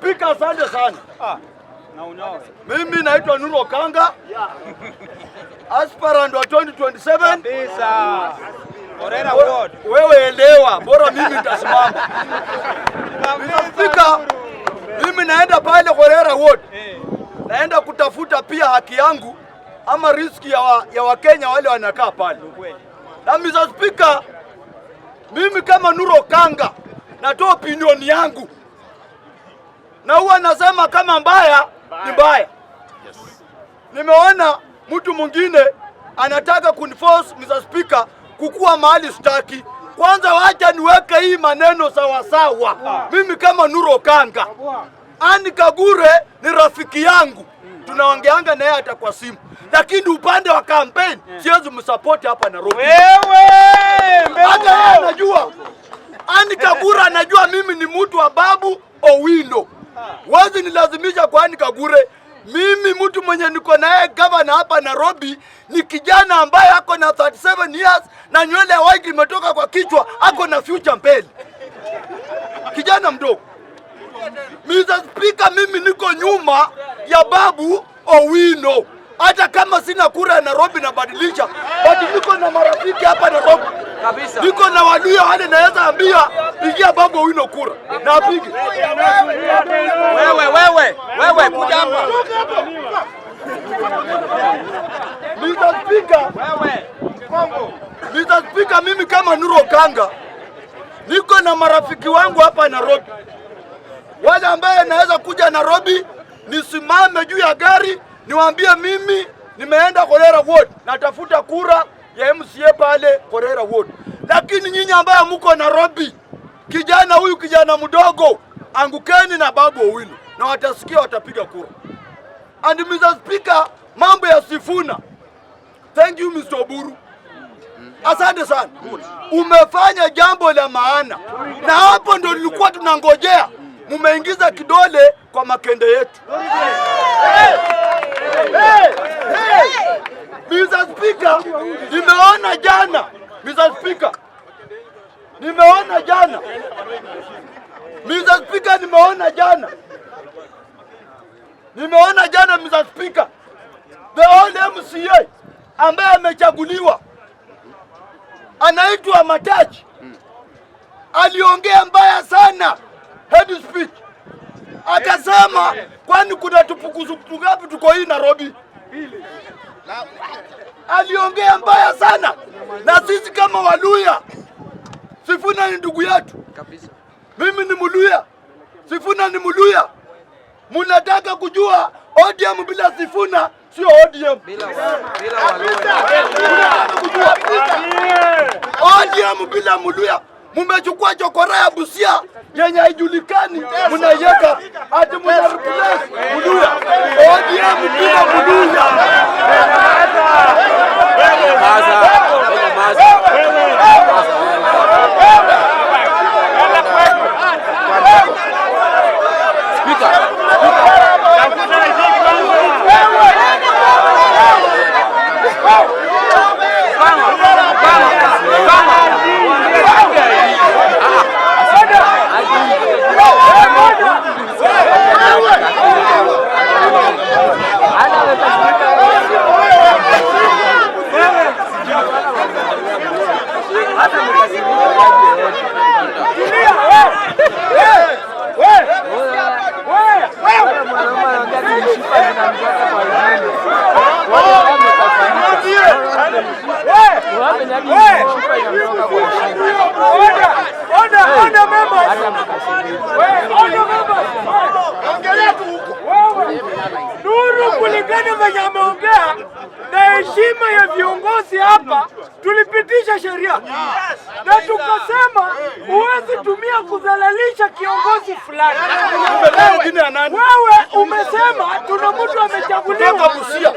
Spika, asante sana. Ah, mimi naitwa Nuru Kanga aspirant wa 2027. Wewe elewa, bora mimi nitasimama. Spika, mimi naenda pale Horera Ward, eh. naenda kutafuta pia haki yangu ama riski ya Wakenya wa wale wanakaa pale na Mr. Spika, mimi kama Nuru Kanga natoa opinioni yangu na huwa nasema kama mbaya ni mbaya. Yes. Nimeona mtu mwingine anataka kuniforce Mr. Speaker kukuwa mahali sitaki. Kwanza wacha niweke hii maneno sawasawa. Mimi kama Nuro Kanga, Ani Kagure ni rafiki yangu, tunaongeanga naye hata kwa simu, lakini upande wa kampeni siwezi msapoti hapa Nairobi. Wewe hata yeye anajua, ani Kagure anajua mimi ni mtu wa Babu Owino. Wezi nilazimisha kuanika kagure Mimi mtu mwenye niko naye gavana hapa Nairobi ni kijana ambaye ako na 37 years na nywele ya white imetoka kwa kichwa, ako na future mbele, kijana mdogo. Mr. Speaker, mimi niko nyuma ya Babu Owino, hata kama sina kura ya Nairobi nabadilisha, but niko na marafiki hapa Nairobi kabisa, niko na Waluya wale naweza ambia pigia Babu Owino kura na apige wewe, kuja hapa. Nitaspika wewe, Kongo. mimi kama Nuro Kanga, niko na marafiki wangu hapa Nairobi, wale ambaye naweza kuja Nairobi, nisimame juu ya gari niwaambie mimi nimeenda Kolera Ward natafuta kura ya MCA pale Kolera Ward. Lakini nyinyi ambaye muko Nairobi, kijana huyu kijana mdogo, angukeni na Babu Owino na watasikia, watapiga kura. And Mr. Speaker, mambo ya Sifuna. Thank you Mr. Oburu. Asante sana, umefanya jambo la maana, na hapo ndo nilikuwa tunangojea. Mumeingiza kidole kwa makende yetu. Hey! Hey! Hey! Mr. Speaker, nimeona jana Mr. Speaker, nimeona jana Mr. Speaker, nimeona jana Nimeona jana Mr. Speaker, the old MCA ambaye amechaguliwa anaitwa Mataji aliongea mbaya sana head speech, akasema kwani kuna tupukuzu ngapi tuko hii Nairobi? Aliongea mbaya sana, na sisi kama Waluya, Sifuna ni ndugu yetu. Mimi ni Muluya, Sifuna ni Muluya. Munataka kujua ODM bila Sifuna sio ODM. ODM bila Muluya mumechukua chokora ya Busia yenye haijulikani, mnaiweka ati muna replace Muluya. ODM bila Muluya. Nuru, kulingana venye ameongea na heshima ya viongozi hapa, tulipitisha sheria na tukasema huwezi tumia kudhalalisha kiongozi fulani. Wewe umesema tuna mtu amechaguliwa